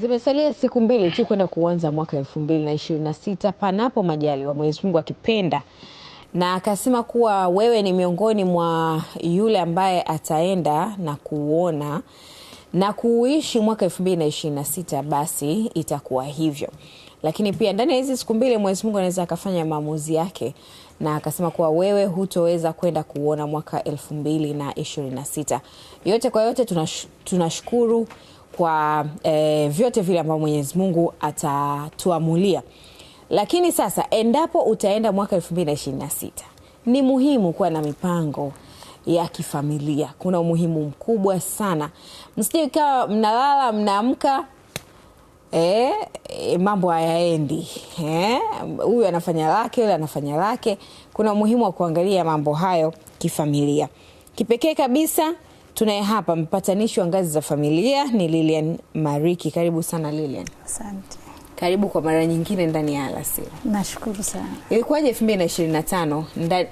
Zimesalia siku mbili tu kwenda kuanza mwaka elfu mbili na ishirini na sita panapo majaliwa Mwenyezi Mungu akipenda, na akasema kuwa wewe ni miongoni mwa yule ambaye ataenda na kuona na kuuishi mwaka elfu mbili na ishirini na sita basi itakuwa hivyo. Lakini pia ndani ya hizi siku mbili Mwenyezi Mungu anaweza akafanya maamuzi yake, na akasema kuwa wewe hutoweza kwenda kuona mwaka elfu mbili na ishirini na sita. Yote kwa yote tunashukuru kwa e, vyote vile ambavyo Mwenyezi Mungu atatuamulia. Lakini sasa endapo utaenda mwaka 2026 ni muhimu kuwa na mipango ya kifamilia. Kuna umuhimu mkubwa sana, msije kawa mnalala mnaamka Eh, eh mambo hayaendi, eh, huyu anafanya lake, yule anafanya lake. Kuna umuhimu wa kuangalia mambo hayo kifamilia, kipekee kabisa. Tunaye hapa mpatanishi wa ngazi za familia ni Lilian Mariki. Karibu sana Lilian. Asante. Karibu kwa mara nyingine ndani ya Alasiri. Nashukuru sana. Ilikuwaje na tano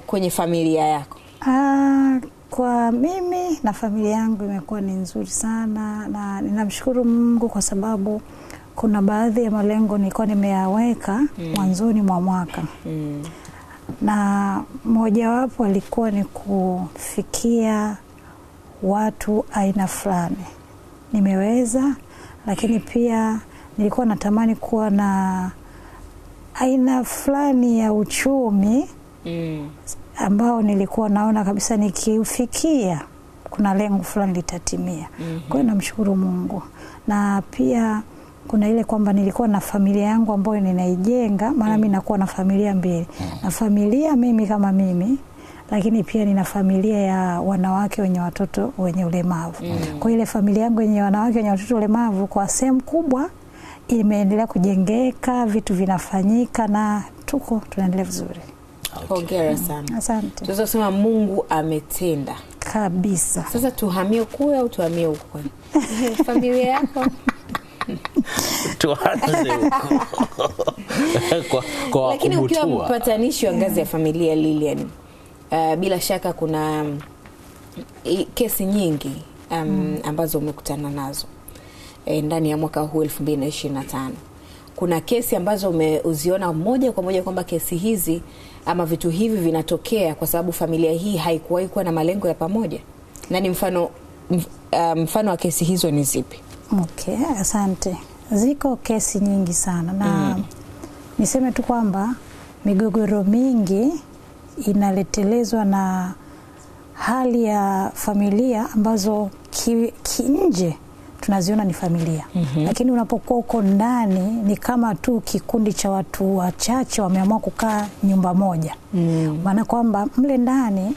kwenye familia yako? Aa, ah, kwa mimi na familia yangu imekuwa ni nzuri sana na ninamshukuru Mungu kwa sababu kuna baadhi ya malengo nilikuwa nimeyaweka mm. mwanzoni mwa mwaka mm. na mojawapo alikuwa ni kufikia watu aina fulani. Nimeweza, lakini pia nilikuwa natamani kuwa na aina fulani ya uchumi mm, ambao nilikuwa naona kabisa nikiufikia kuna lengo fulani litatimia. mm -hmm. Kwa hiyo namshukuru Mungu na pia kuna ile kwamba nilikuwa na familia yangu ambayo ninaijenga, maana mm. mi nakuwa na familia mbili mm. na familia mimi kama mimi lakini pia nina familia ya wanawake wenye watoto wenye ulemavu mm. Kwa ile familia yangu yenye wanawake wenye watoto ulemavu kwa sehemu kubwa imeendelea kujengeka, vitu vinafanyika na tuko tunaendelea vizuri. Hongera okay. sana. Asante. Mungu ametenda kabisa. Sasa tuhamie ukue au tuhamie ukwe? familia yako tuanze lakini ukiwa mpatanishi wa ngazi ya familia Lilian uh, bila shaka kuna kesi nyingi um, ambazo umekutana nazo e, ndani ya mwaka huu 2025 kuna kesi ambazo umeuziona moja kwa moja kwamba kesi hizi ama vitu hivi vinatokea kwa sababu familia hii haikuwahi kuwa na malengo ya pamoja, na ni mfano eh, mfano wa kesi hizo ni zipi? Okay, asante. Ziko kesi nyingi sana na mm. Niseme tu kwamba migogoro mingi inaletelezwa na hali ya familia ambazo kinje ki tunaziona ni familia mm -hmm. Lakini unapokuwa huko ndani ni kama tu kikundi cha watu wachache wameamua kukaa nyumba moja, mm. maana mm. kwamba mle ndani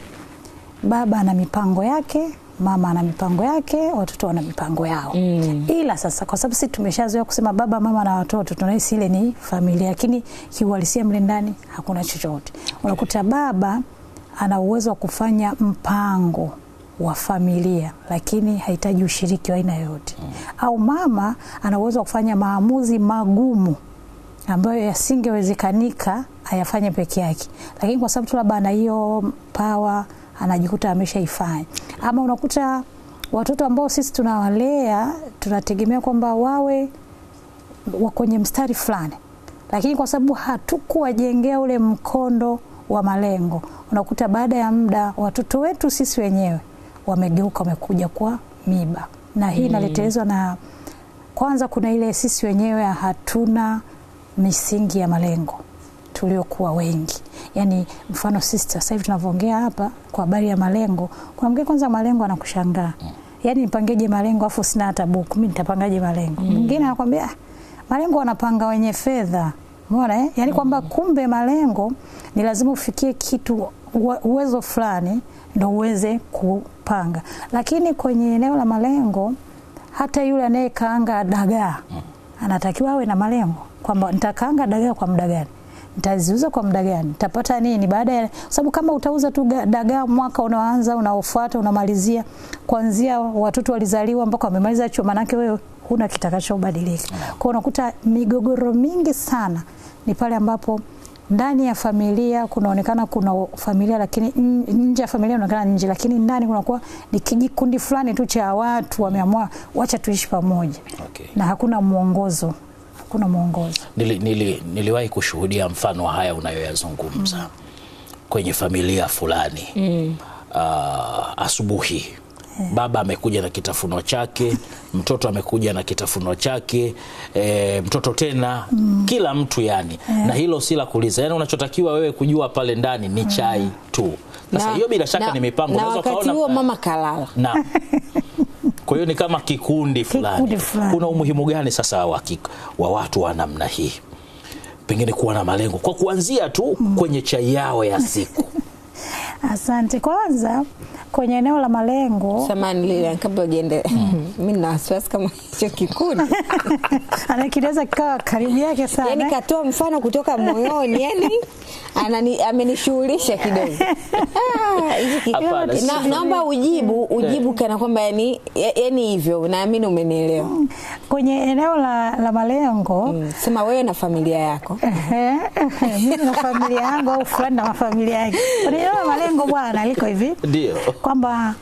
baba ana mipango yake mama ana mipango yake, watoto wana mipango yao mm. Ila sasa kwa sababu sisi tumeshazoea kusema baba, mama na watoto, tunahisi ile ni familia, lakini kiuhalisia mle ndani hakuna chochote. Unakuta baba ana uwezo wa kufanya mpango wa familia lakini hahitaji ushiriki wa aina yoyote mm. Au mama ana uwezo wa kufanya maamuzi magumu ambayo yasingewezekanika ayafanye peke yake, lakini kwa sababu tu labda ana hiyo power anajikuta ameshaifanya, ama unakuta watoto ambao sisi tunawalea tunategemea kwamba wawe wa kwenye mstari fulani, lakini kwa sababu hatukuwajengea ule mkondo wa malengo, unakuta baada ya muda watoto wetu sisi wenyewe wamegeuka, wamekuja kwa miba, na hii hmm. inaletelezwa mm. na kwanza, kuna ile sisi wenyewe hatuna misingi ya malengo tuliokuwa wengi. Yani mfano sisi sasa hivi tunavyoongea hapa kwa habari ya malengo, kuna mgeni kwanza malengo anakushangaa yani nipangeje malengo afu sina hata buku, mi nitapangaje malengo? Mm. Mwingine mm. anakwambia ah, malengo wanapanga wenye fedha, umeona eh? Yani kwamba mm. kumbe malengo ni lazima ufikie kitu uwezo fulani ndo uweze kupanga, lakini kwenye eneo la malengo hata yule anayekaanga dagaa mm. anatakiwa awe na malengo kwamba nitakaanga dagaa kwa muda gani nitaziuza kwa muda gani, tapata nini baada ya, sababu kama utauza tu dagaa mwaka unaanza unaofuata unamalizia, kuanzia watoto walizaliwa mpaka wamemaliza chuo, manake wewe huna kitakachobadilika. Mm. Kwa unakuta migogoro mingi sana ni pale ambapo ndani ya familia kunaonekana kuna familia, lakini nje ya familia unaonekana nje, lakini ndani kunakuwa ni kijikundi fulani tu cha watu wameamua wacha tuishi pamoja, okay. na hakuna mwongozo hakuna mwongozo. Nili, nili, niliwahi kushuhudia mfano haya unayoyazungumza mm. kwenye familia fulani mm. uh, asubuhi yeah. Baba amekuja na kitafuno chake mtoto amekuja na kitafuno chake e, mtoto tena mm. kila mtu yani yeah. na hilo si la kuuliza, yani unachotakiwa wewe kujua pale ndani ni mm. chai mm. tu. Sasa hiyo bila shaka ni mipango, na wakati huo eh. mama kalala na Kwa hiyo ni kama kikundi fulani. Kikundi fulani. Kuna umuhimu gani sasa wa, wa watu wa namna hii pengine kuwa na malengo kwa kuanzia tu mm. kwenye chai yao ya siku? Asante kwanza kwenye eneo la malengo. Samahani Lilian, kabla ujaendelea, mhm. mimi nina wasiwasi kama hicho kikundi anakieleza kikawa karibu yake sana, yani katoa mfano kutoka moyoni, yani anani amenishughulisha kidogo. Naomba ujibu mm. ujibu kana kwamba yani yani yaani hivyo, naamini umenielewa. Mm. Kwenye eneo la, la malengo mm. Sema wewe na familia yako mimi na familia yangu au fulani na mafamilia yake. kwenye eneo la malengo bwana, liko hivi ndio kwamba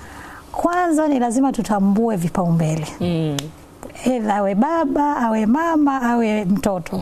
kwanza ni lazima tutambue vipaumbele mm. Edha awe baba awe mama awe mtoto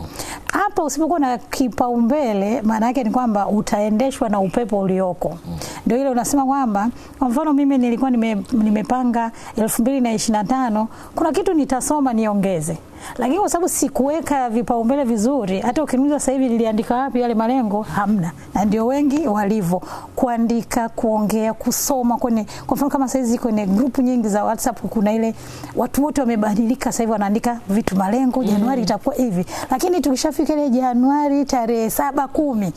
hapa usipokuwa na kipaumbele, maana yake ni kwamba utaendeshwa na upepo ulioko. Ndio ile unasema kwamba kwa mfano mimi nilikuwa nime, nimepanga elfu mbili na ishirini na tano kuna kitu nitasoma niongeze, lakini kwa sababu sikuweka vipaumbele vizuri, hata ukiniuliza sasa hivi niliandika wapi yale malengo, hamna. Na ndio wengi walivyo kuandika, kuongea, kusoma kwenye, kwa mfano kama saizi kwenye grupu nyingi za WhatsApp kuna ile watu wote wamebadilika, sasa hivi wanaandika vitu malengo, Januari mm. itakuwa hivi, lakini tukisha ikifika ile Januari tarehe saba kumi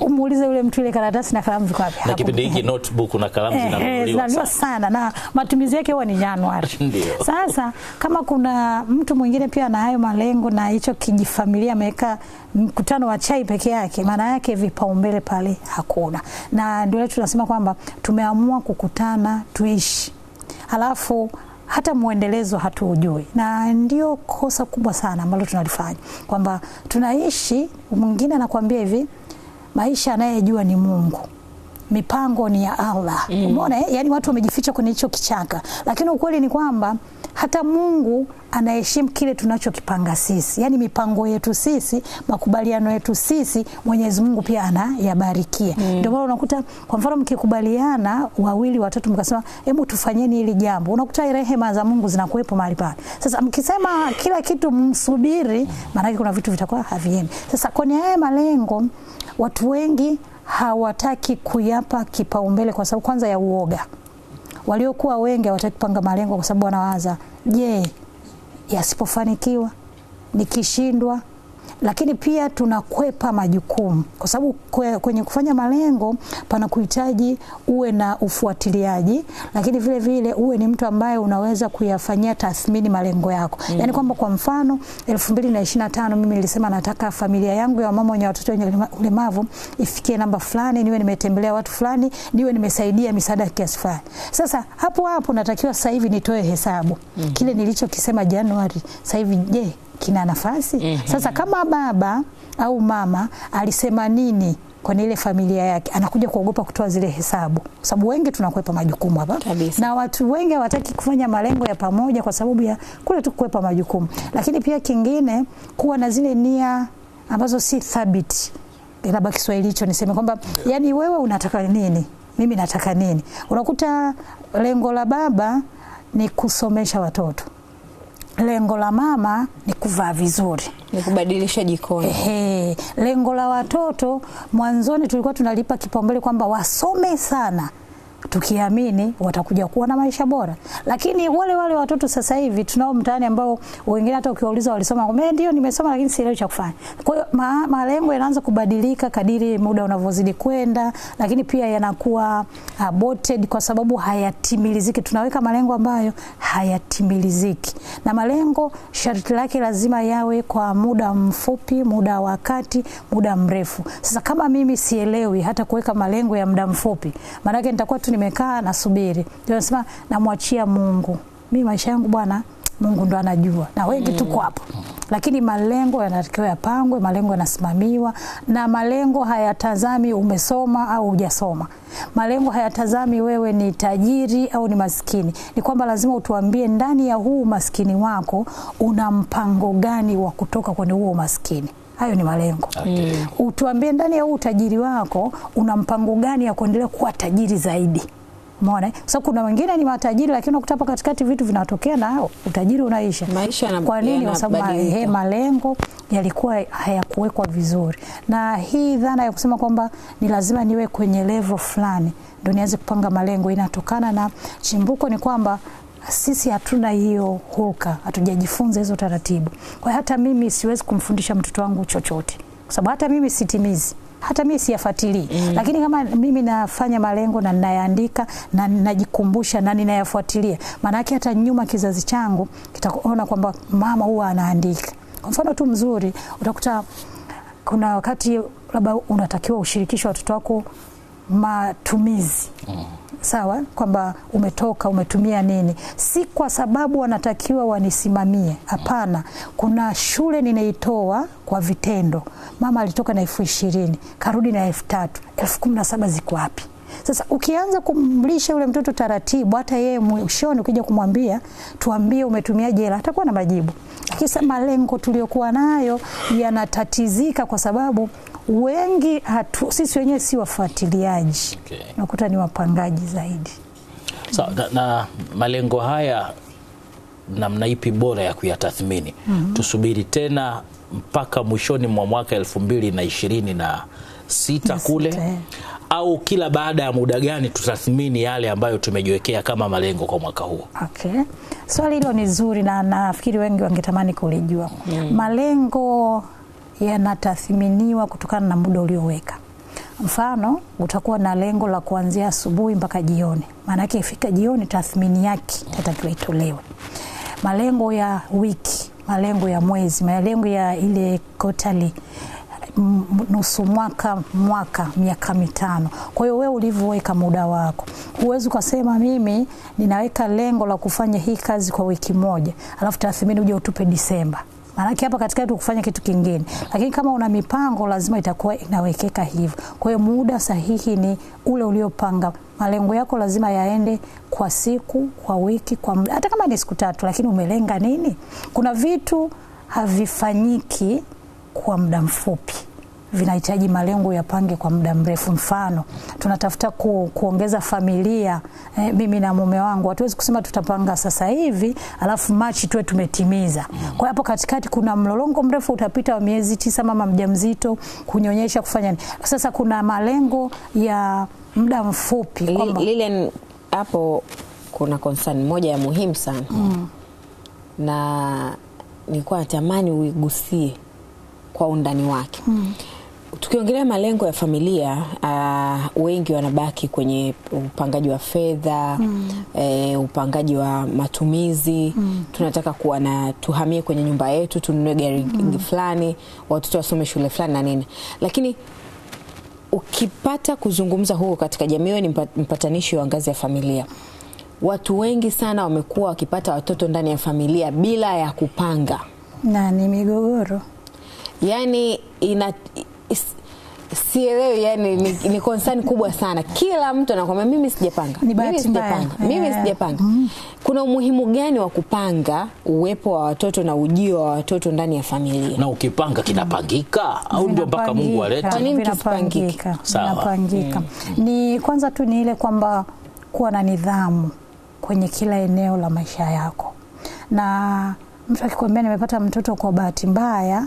umuulize yule mtu ile karatasi na kalamu ziko wapi. Na kipindi hiki notebook na kalamu eh, zinanunuliwa eh, sana. sana na matumizi yake huwa ni Januari. Sasa kama kuna mtu mwingine pia na hayo malengo na hicho kijifamilia ameweka mkutano wa chai peke yake, maana yake vipaumbele pale hakuna, na ndio tunasema kwamba tumeamua kukutana tuishi halafu hata mwendelezo hatuujui, na ndio kosa kubwa sana ambalo tunalifanya kwamba tunaishi, mwingine anakuambia hivi, maisha anayejua ni Mungu mipango ni ya Allah. Mm. Umeona, eh? yani watu wamejificha kwenye hicho kichaka, lakini ukweli ni kwamba hata Mungu anaheshimu kile tunachokipanga sisi, yaani mipango yetu sisi, makubaliano yetu sisi, Mwenyezi Mungu pia anayabarikia. Mm. Ndio maana unakuta kwa mfano mkikubaliana wawili watatu, mkasema hebu tufanyeni hili jambo, unakuta rehema za Mungu zinakuwepo mahali pale. Sasa mkisema kila kitu msubiri, maanake kuna vitu vitakuwa haviendi. Sasa kwenye haya malengo watu wengi hawataki kuyapa kipaumbele kwa sababu kwanza ya uoga Waliokuwa wengi hawataki kupanga malengo kwa sababu wanawaza je, yasipofanikiwa nikishindwa lakini pia tunakwepa majukumu, kwa sababu kwenye kufanya malengo pana kuhitaji uwe na ufuatiliaji, lakini vile vile uwe ni mtu ambaye unaweza kuyafanyia tathmini malengo yako mm -hmm. Yani kwamba kwa mfano elfu mbili na ishirini na tano mimi nilisema nataka familia yangu ya wamama wenye watoto wenye ulemavu ifikie namba fulani, niwe nimetembelea watu fulani, niwe nimesaidia misaada kiasi fulani. Sasa hapo hapo natakiwa sasa hivi nitoe hesabu mm -hmm. kile nilichokisema Januari, sasa hivi je, kina nafasi mm -hmm. Sasa kama baba au mama alisema nini kwenye ile familia yake, anakuja kuogopa kutoa zile hesabu, kwa sababu wengi tunakwepa majukumu hapa, na watu wengi hawataki kufanya malengo ya pamoja kwa sababu ya kule tu kukwepa majukumu. Lakini pia kingine, kuwa na zile nia ambazo si thabiti, labda Kiswahili hicho niseme kwamba yani, wewe unataka nini, mimi nataka nini. Unakuta lengo la baba ni kusomesha watoto lengo la mama ni kuvaa vizuri, ni kubadilisha jikoni. Ehe, lengo la watoto mwanzoni tulikuwa tunalipa kipaumbele kwamba wasome sana tukiamini watakuja kuwa na maisha bora. Lakini wale wale watoto sasa hivi tunao mtaani ambao wengine hata ukiwauliza walisoma, kwa mimi ndio nimesoma lakini sielewi cha kufanya. Kwa hiyo ma, malengo yanaanza kubadilika kadiri muda unavyozidi kwenda, lakini pia yanakuwa aborted uh, kwa sababu hayatimiliziki. Tunaweka malengo ambayo hayatimiliziki, na malengo sharti lake lazima yawe kwa muda mfupi, muda wa kati, muda mrefu. Sasa kama mimi sielewi hata kuweka malengo ya muda mfupi, maanake nitakuwa tu tu nimekaa nasubiri, ndio nasema namwachia Mungu. Mi maisha yangu bwana, Mungu ndo anajua, na wengi tuko mm. hapo lakini malengo yanatakiwa yapangwe, malengo yanasimamiwa, na malengo hayatazami umesoma au hujasoma. Malengo hayatazami wewe ni tajiri au ni maskini. Ni kwamba lazima utuambie ndani ya huu umaskini wako una mpango gani wa kutoka kwenye huo umaskini. Hayo ni malengo okay. Utuambie ndani ya huu utajiri wako una mpango gani ya kuendelea kuwa tajiri zaidi? Umeona? Eh? Kwa sababu kuna wengine ni matajiri lakini unakuta hapa katikati vitu vinatokea na utajiri unaisha. Maisha na kwa nini? Kwa sababu malengo yalikuwa hayakuwekwa vizuri, na hii dhana ya kusema kwamba ni lazima niwe kwenye level fulani ndio nianze kupanga malengo inatokana na chimbuko ni kwamba sisi hatuna hiyo hulka, hatujajifunza hizo taratibu. Kwa hiyo hata mimi siwezi kumfundisha mtoto wangu chochote, kwa sababu hata mimi sitimizi hata mimi siyafuatilii mm. Lakini kama mimi nafanya malengo na ninayaandika na ninajikumbusha na ninayafuatilia, maanake hata nyuma kizazi changu kitaona kwamba mama huwa anaandika. Kwa mfano tu mzuri, utakuta kuna wakati labda unatakiwa ushirikishe watoto wako matumizi mm sawa, kwamba umetoka umetumia nini, si kwa sababu wanatakiwa wanisimamie. Hapana, kuna shule ninaitoa kwa vitendo. Mama alitoka na elfu ishirini karudi na elfu tatu elfu kumi na saba ziko wapi? Sasa ukianza kumlisha yule mtoto taratibu, hata yeye mwishoni ukija kumwambia tuambie umetumiaje hela, atakuwa na majibu. Kisa malengo tuliyokuwa nayo yanatatizika kwa sababu wengi hatu, sisi wenyewe si wafuatiliaji okay. Nakuta ni wapangaji zaidi so, na, na malengo haya namna ipi bora ya kuyatathmini? mm -hmm. Tusubiri tena mpaka mwishoni mwa mwaka elfu mbili na ishirini na sita kule sita, eh. au kila baada ya muda gani tutathmini yale ambayo tumejiwekea kama malengo kwa mwaka huo? Okay. Swali hilo ni zuri na nafikiri wengi wangetamani kulijua. mm. Malengo yanatathiminiwa kutokana na muda ulioweka. Mfano, utakuwa na lengo la kuanzia asubuhi mpaka jioni, maanake ifika jioni tathmini yake tatakiwa itolewe. Malengo ya wiki, malengo ya mwezi, malengo ya ile kotali mm, nusu mwaka, mwaka, miaka mitano. Kwa hiyo wewe ulivyoweka muda wako, huwezi ukasema mimi ninaweka lengo la kufanya hii kazi kwa wiki moja, alafu tathmini uje utupe Disemba maanake hapa katikati kufanya kitu kingine, lakini kama una mipango lazima itakuwa inawekeka hivyo. Kwa hiyo muda sahihi ni ule uliopanga. Malengo yako lazima yaende kwa siku, kwa wiki, kwa muda, hata kama ni siku tatu, lakini umelenga nini? Kuna vitu havifanyiki kwa muda mfupi vinahitaji malengo yapange kwa muda mrefu. Mfano, tunatafuta ku, kuongeza familia eh, mimi na mume wangu, hatuwezi kusema tutapanga sasa hivi alafu Machi tuwe tumetimiza. Kwa hapo katikati kuna mlolongo mrefu utapita wa miezi tisa, mama mjamzito kunyonyesha, kufanya nini. Sasa kuna malengo ya muda mfupi kwamba lile hapo kuna concern moja ya muhimu sana mm. na nilikuwa natamani uigusie kwa undani wake mm. Tukiongelea malengo ya familia uh, wengi wanabaki kwenye upangaji wa fedha mm. E, upangaji wa matumizi mm. Tunataka kuwa na tuhamie kwenye nyumba yetu, tununue gari mm. fulani, watoto wasome shule fulani na nini, lakini ukipata kuzungumza huko katika jamii, wewe ni mpatanishi wa ngazi ya familia. Watu wengi sana wamekuwa wakipata watoto ndani ya familia bila ya kupanga, na ni migogoro yani ina sielewi, yani ni, ni concern kubwa sana. Kila mtu anakwambia mimi sijapanga, mimi sijapanga, yeah. Mm. Kuna umuhimu gani wa kupanga uwepo wa watoto na ujio wa watoto ndani ya familia? Na ukipanga kinapangika au ndio mpaka Mungu alete? nini kisipangike? Sawa, mm. ni kwanza tu ni ile kwamba kuwa na nidhamu kwenye kila eneo la maisha yako, na mtu akikwambia nimepata mtoto kwa bahati mbaya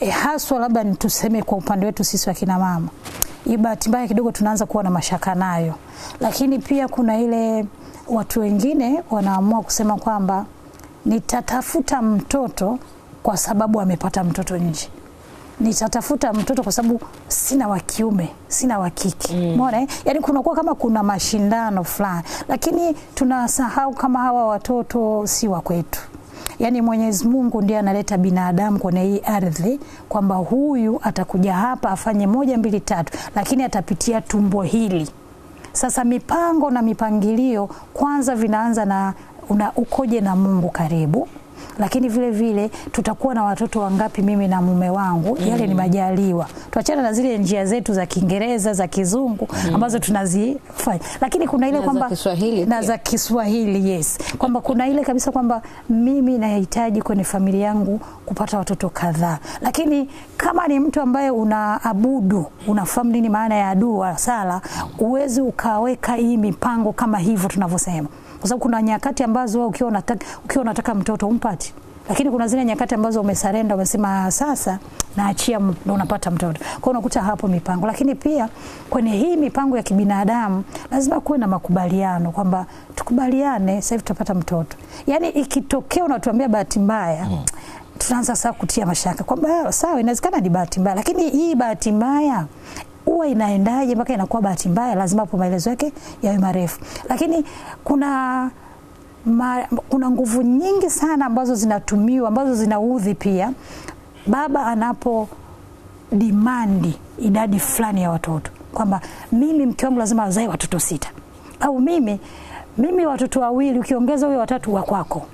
e, haswa labda nituseme kwa upande wetu sisi kina mama, hii bahati mbaya kidogo tunaanza kuwa na mashaka nayo, lakini pia kuna ile watu wengine wanaamua kusema kwamba nitatafuta mtoto kwa sababu amepata mtoto nje nitatafuta mtoto kwa sababu sina wa kiume sina wa kike mm. Eh? yani kunakuwa kama kuna mashindano fulani, lakini tunasahau kama hawa watoto si wa kwetu yani Mwenyezi Mungu ndiye analeta binadamu kwenye hii ardhi kwamba huyu atakuja hapa afanye moja mbili tatu, lakini atapitia tumbo hili. Sasa mipango na mipangilio kwanza vinaanza na una ukoje na Mungu karibu lakini vile vile tutakuwa na watoto wangapi mimi na mume wangu mm. Yale ni majaliwa, tuachane na zile njia zetu za Kiingereza za kizungu mm. ambazo tunazifanya, lakini kuna ile kwamba na za Kiswahili yes, kwamba kuna ile kabisa kwamba mimi nahitaji kwenye familia yangu kupata watoto kadhaa, lakini kama ni mtu ambaye unaabudu, unafahamu nini maana ya dua, sala, uwezi ukaweka hii mipango kama hivyo tunavyosema kwa sababu kuna nyakati ambazo wewe ukiwa unataka ukiwa unataka mtoto umpati lakini kuna zile nyakati ambazo umesarenda, umesema ah, sasa naachia, ndo unapata mtoto. Kwa hiyo unakuta hapo mipango, lakini pia kwenye hii mipango ya kibinadamu lazima kuwe na makubaliano kwamba tukubaliane, sasa hivi tutapata mtoto. Yani ikitokea unatuambia bahati mbaya mm. Tunaanza sasa kutia mashaka kwamba ah, sawa, inawezekana ni bahati mbaya, lakini hii bahati mbaya huwa inaendaje mpaka inakuwa bahati mbaya? Lazima po maelezo yake yawe marefu, lakini kuna ma, kuna nguvu nyingi sana ambazo zinatumiwa ambazo zinaudhi pia baba anapo dimandi idadi fulani ya watoto kwamba mimi mke wangu lazima azae watoto sita au mimi mimi watoto wawili ukiongeza huyo watatu wa kwako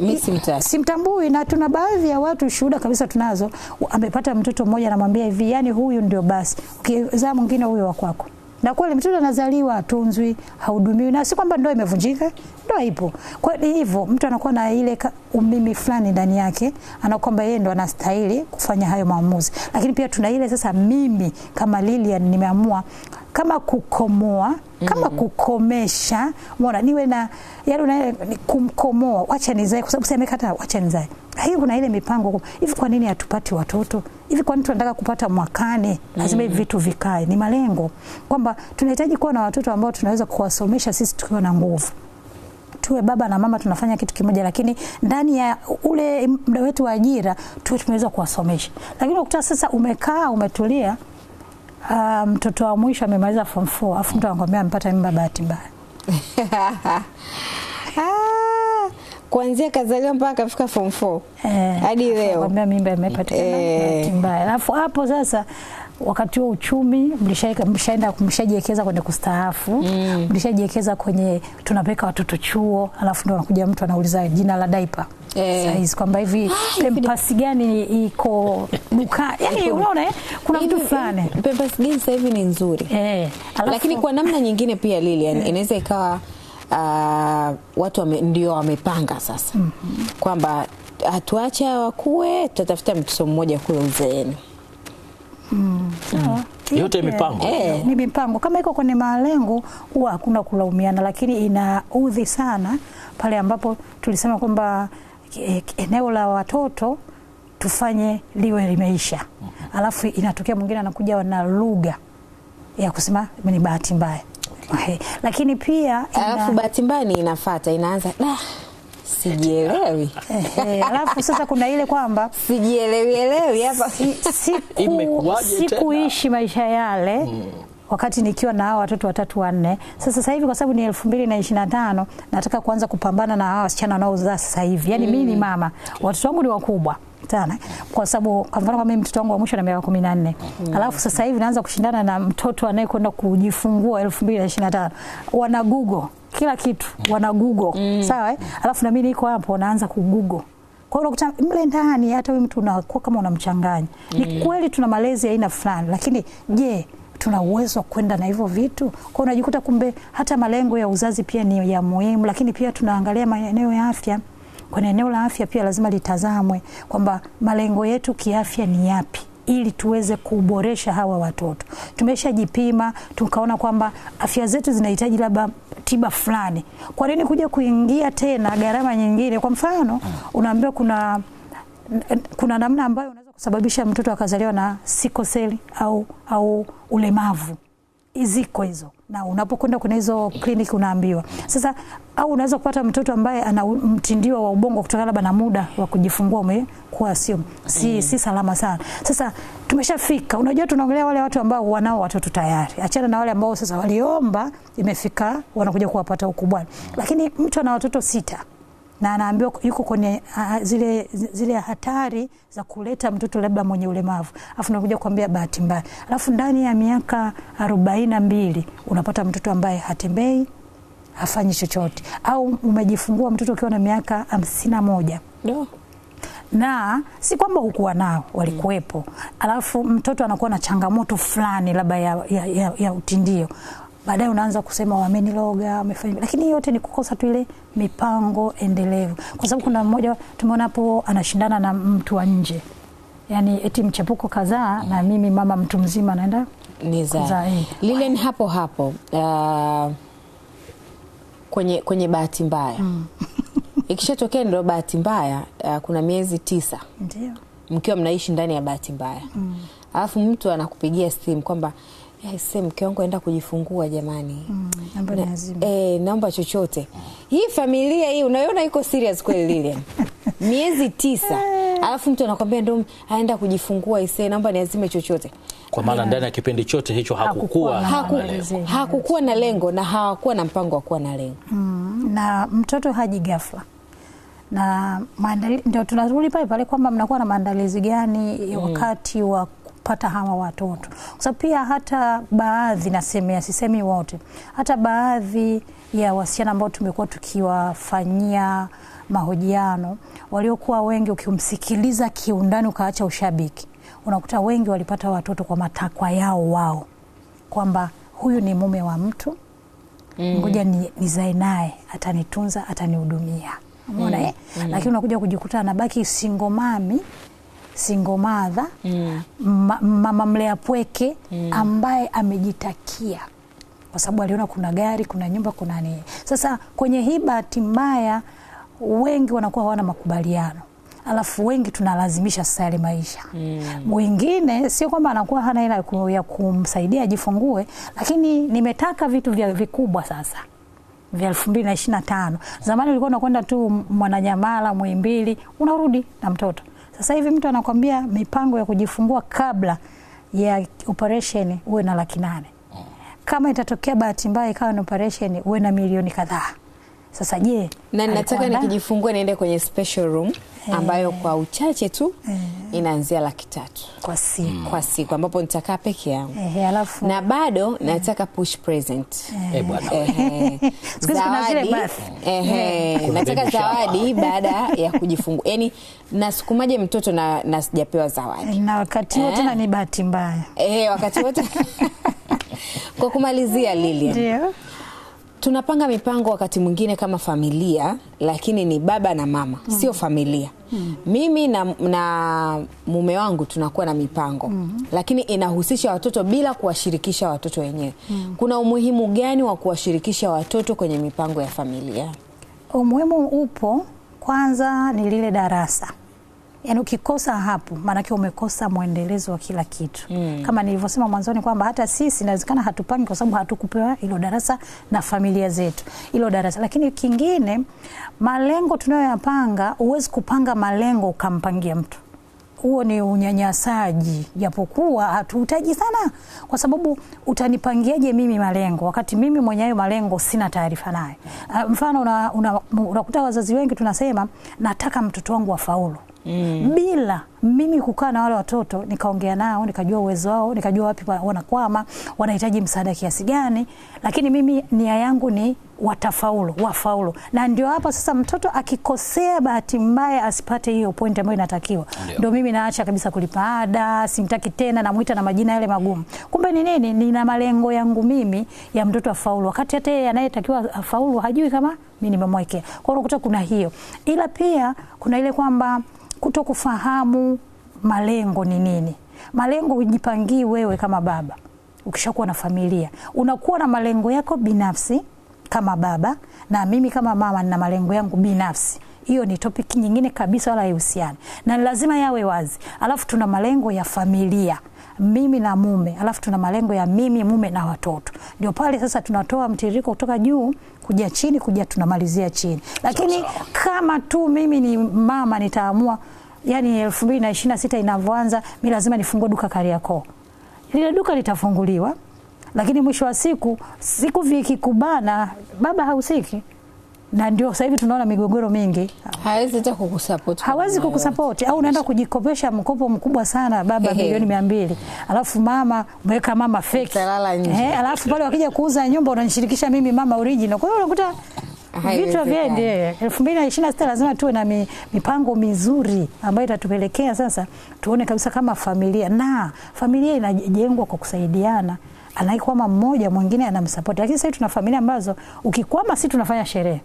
mimi simtambui, Na tuna baadhi ya watu shuhuda kabisa tunazo, amepata mtoto mmoja anamwambia hivi, yani huyu ndio basi, ukizaa mwingine huyo wa kwako na kweli mtoto anazaliwa atunzwi, haudumiwi, na si kwamba ndoa imevunjika, ndoa ipo. Kwa hivyo mtu anakuwa na ile umimi fulani ndani yake, ana yeye ndo anastahili kufanya hayo maamuzi. Lakini pia tuna ile sasa, mimi kama Lilian nimeamua kama kukomoa kama mm -hmm. kukomesha, umeona, niwe na yale yaani una kumkomoa, wacha nizae, kwa sababu sasa wacha acha nizae. Hii kuna ile mipango hivi. Kwa nini hatupati watoto hivi? Kwa nini tunataka kupata mwakani? Lazima hivi mm vitu vikae, ni malengo kwamba tunahitaji kuwa na watoto ambao tunaweza kuwasomesha sisi tukiwa na nguvu tuwe baba na mama tunafanya kitu kimoja, lakini ndani ya ule muda wetu wa ajira tuwe tumeweza kuwasomesha. Lakini ukuta sasa umekaa umetulia Ah, mtoto um, wa mwisho amemaliza form 4 afu mtu anakwambia amepata mimba bahati mbaya ah, kuanzia kazaliwa mpaka akafika form 4 eh, hadi leo, kwambia mimba imepatikana eh. bahati mbaya. Alafu hapo sasa wakati wa uchumi mlishaenda mlishajiwekeza kwenye kustaafu mm. mlishajiwekeza kwenye tunapeka watoto chuo, alafu ndo anakuja mtu anauliza jina la daipa eh. Saizi kwamba hivi ah, pempasi gani iko duka, yani unaona eh? kuna mtu fulani pempas gani sasa hivi ni nzuri eh, alafu, lakini kwa namna nyingine pia Lili eh. inaweza ikawa uh, watu wame, ndio wamepanga sasa mm -hmm. kwamba hatuacha wakue, tutatafuta mtoto mmoja kule uzeeni Mm. Mm. Yote mipango mm. eh, ni mipango kama iko kwenye malengo, huwa hakuna kulaumiana, lakini inaudhi sana pale ambapo tulisema kwamba eh, eneo la watoto tufanye liwe limeisha, mm-hmm. alafu inatokea mwingine anakuja na lugha ya kusema ni bahati mbaya. Okay. Eh, lakini pia ina... alafu bahati mbaya ni inafata inaanza nah sijielewi. Alafu sasa kuna ile kwamba sijielewielewi hapa siku, sikuishi maisha yale mm wakati nikiwa na hao watoto watatu wanne. Sasa sasa hivi kwa sababu ni elfu mbili na ishirini na tano nataka kuanza kupambana na hawa wasichana wanaozaa sasa hivi, yaani mm. mi ni hmm. mama, watoto wangu ni wakubwa sana kwa sababu kwa mfano kama mtoto wangu wa mwisho na miaka 14 mm. alafu sasa hivi naanza kushindana na mtoto anayekwenda kujifungua 2025 wana google kila kitu mm. wana google mm. sawa eh? alafu na mimi niko hapo naanza ku google kwa hiyo unakuta mle ndani hata wewe mtu unakuwa kama unamchanganya. Mm. Ni kweli tuna malezi ya aina fulani, lakini je, tuna uwezo wa kwenda na hivyo vitu? Kwa unajikuta kumbe hata malengo ya uzazi pia ni ya muhimu, lakini pia tunaangalia maeneo ya afya kwenye eneo la afya pia lazima litazamwe kwamba malengo yetu kiafya ni yapi ili tuweze kuboresha hawa watoto. Tumeshajipima tukaona kwamba afya zetu zinahitaji labda tiba fulani, kwa nini kuja kuingia tena gharama nyingine? Kwa mfano, unaambiwa kuna kuna namna ambayo unaweza kusababisha mtoto akazaliwa na sikoseli au, au ulemavu, ziko hizo na unapokwenda kwenye hizo kliniki unaambiwa sasa au unaweza kupata mtoto ambaye ana mtindio wa ubongo kutokana labda na muda wa kujifungua umekuwa sio si, mm. si salama sana. Sasa tumeshafika, unajua, tunaongelea wale watu ambao wanao watoto tayari, achana na wale ambao sasa waliomba, imefika wanakuja kuwapata ukubwani. Lakini mtu ana watoto sita na anaambiwa yuko kwenye uh, zile, zile hatari za kuleta mtoto labda mwenye ulemavu, alafu nakuja kuambia bahati mbaya, alafu ndani ya miaka arobaini na mbili unapata mtoto ambaye hatembei hafanyi chochote, au umejifungua mtoto ukiwa na miaka hamsini na moja no na si kwamba hukuwa nao, walikuwepo. Alafu mtoto anakuwa na changamoto fulani labda ya, ya, ya, ya utindio, baadaye unaanza kusema wameniloga, wamefanya, lakini yote ni kukosa tu ile mipango endelevu, kwa sababu kuna mmoja tumeona hapo anashindana na mtu wa nje, yani eti mchepuko kadhaa na mimi mama mtu mzima naenda lile ni hapo hapo uh kwenye, kwenye bahati mbaya mm. ikishatokea ndio bahati mbaya uh, kuna miezi tisa ndio mkiwa mnaishi ndani ya bahati mbaya mm. alafu mtu anakupigia simu kwamba Yes, eh, mke wangu aenda kujifungua jamani, mm, na, e, naomba chochote. Hii familia hii unaiona iko serious kweli Lilian? miezi tisa Eh. alafu mtu anakwambia ndo aenda kujifungua ise naomba niazime chochote. Kwa maana eh. ndani ya kipindi chote hicho hakukuwa hakukuwa na lengo na hawakuwa na mpango wa kuwa na lengo mm, na mtoto haji ghafla na maandalizi ndio tunarudi pale pale kwamba mnakuwa na maandalizi gani mm. wakati wa kupata hawa watoto, kwa sababu pia hata baadhi nasemea, sisemi wote, hata baadhi ya wasichana ambao tumekuwa tukiwafanyia mahojiano, waliokuwa wengi ukimsikiliza kiundani ukaacha ushabiki, unakuta wengi walipata watoto kwa matakwa yao wao, kwamba huyu ni mume wa mtu mm. ngoja mm. nizae ni naye, atanitunza atanihudumia, umeona mm. Eh? mm. Lakini unakuja kujikuta anabaki singomami singomadha mm. mama mlea pweke mm. ambaye amejitakia kwa sababu aliona kuna gari, kuna nyumba, kuna nini. Sasa kwenye hii bahati mbaya wengi wanakuwa hawana makubaliano alafu wengi tunalazimisha sasa yale maisha mm. Mwingine sio kwamba anakuwa hana hela ya kumsaidia ajifungue, lakini nimetaka vitu vya vikubwa sasa vya elfu mbili na ishirini na tano. Zamani ulikuwa unakwenda tu Mwananyamala, Muhimbili, unarudi na mtoto. Sasa hivi mtu anakwambia mipango ya kujifungua kabla ya operesheni uwe na laki nane. Mm. Kama itatokea bahati mbaya ikawa na operesheni uwe na milioni kadhaa. Sasa je, na nataka nikijifungua niende kwenye special room eh. ambayo kwa uchache tu eh. inaanzia laki tatu kwa siku, mm. kwa siku ambapo nitakaa peke yangu na bado eh. nataka push present eh, nataka zawadi baada ya kujifungua, yani nasukumaje mtoto na, na sijapewa zawadi na wakati wote na ni bahati mbaya eh, wakati wote kwa kumalizia Lilian tunapanga mipango wakati mwingine kama familia, lakini ni baba na mama mm. sio familia mm. mimi na, na mume wangu tunakuwa na mipango mm. lakini inahusisha watoto bila kuwashirikisha watoto wenyewe mm. kuna umuhimu gani wa kuwashirikisha watoto kwenye mipango ya familia? Umuhimu upo, kwanza ni lile darasa yani ukikosa hapo maanake umekosa mwendelezo wa kila kitu mm. Kama nilivyosema mwanzoni kwamba hata sisi inawezekana hatupangi kwa sababu hatukupewa hilo darasa na familia zetu hilo darasa. Lakini kingine, malengo tunayoyapanga, huwezi kupanga malengo ukampangia mtu huo ni unyanyasaji, japokuwa hatuhitaji sana, kwa sababu utanipangiaje mimi malengo wakati mimi mwenye hayo malengo sina taarifa naye? Ah, mfano unakuta una, una una wazazi wengi tunasema nataka mtoto wangu afaulu mm. bila mimi kukaa na wale watoto nikaongea nao nikajua uwezo wao nikajua wapi wanakwama wanahitaji msaada kiasi gani lakini mimi nia yangu ni watafaulu wafaulu na ndio hapa sasa mtoto akikosea bahati mbaya asipate hiyo pointi ambayo inatakiwa ndio mimi naacha kabisa kulipa ada simtaki tena namwita na majina yale magumu kumbe ni nini nina malengo yangu mimi ya mtoto afaulu wakati hata yeye anayetakiwa afaulu hajui kama mi nimemwekea kwa unakuta kuna hiyo ila pia kuna ile kwamba kuto kufahamu malengo ni nini. Malengo hujipangii wewe kama baba. Ukishakuwa na familia, unakuwa na malengo yako binafsi kama baba, na mimi kama mama nina malengo yangu binafsi. Hiyo ni topiki nyingine kabisa, wala haihusiani na lazima yawe wazi. Alafu tuna malengo ya familia mimi na mume, alafu tuna malengo ya mimi mume na watoto. Ndio pale sasa tunatoa mtiririko kutoka juu kuja chini kuja tunamalizia chini, lakini sao, sao. Kama tu mimi ni mama nitaamua yani elfu mbili na ishirini na sita inavyoanza mi lazima nifungue duka Kariakoo, lile duka litafunguliwa, lakini mwisho wa siku siku vikikubana, baba hahusiki na ndio sasa hivi tunaona migogoro mingi. Hawezi hata kukusupport, hawezi kukusupport au unaenda kujikopesha mkopo mkubwa sana baba milioni mia mbili alafu mama umeweka mama fake eh, alafu pale wakija kuuza nyumba unanishirikisha mimi mama original. Kwa hiyo unakuta vitu vyende. elfu mbili na ishirini na sita lazima tuwe na mipango mizuri ambayo itatupelekea sasa tuone kabisa kama familia na familia inajengwa kwa kusaidiana anaikwama mmoja mwingine anamsapoti, lakini sasa tuna familia ambazo ukikwama, si tunafanya sherehe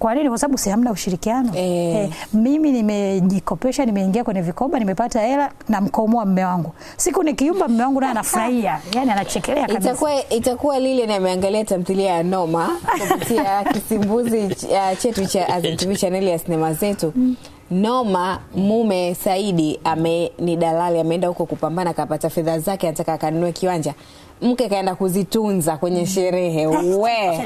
kwa nini? Kwa sababu si hamna ushirikiano eh. Eh, mimi nimejikopesha, nimeingia kwenye vikoba, nimepata hela, mkomoa mme wangu. Siku nikiumba mme wangu naye anafurahia, yani anachekelea kabisa. Itakuwa itakuwa Lilian ameangalia tamthilia ya Noma kupitia kisimbuzi uh, chetu cha Azam TV channel ya sinema zetu mm. Noma mume Saidi ame ni dalali, ameenda huko kupambana, akapata fedha zake, anataka akanunue kiwanja mke kaenda kuzitunza kwenye sherehe we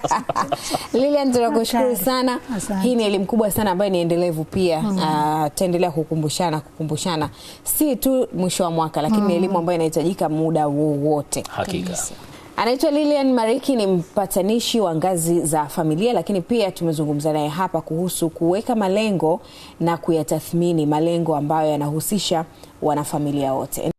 Lilian, tunakushukuru sana. Hii ni elimu kubwa sana ambayo ni endelevu pia. Uh, hmm. ah, taendelea kukumbushana kukumbushana, si tu mwisho wa mwaka, lakini ni hmm. elimu ambayo inahitajika muda wowote. Hakika. Anaitwa Lilian Mariki, ni mpatanishi wa ngazi za familia, lakini pia tumezungumza naye hapa kuhusu kuweka malengo na kuyatathmini malengo ambayo yanahusisha wanafamilia wote.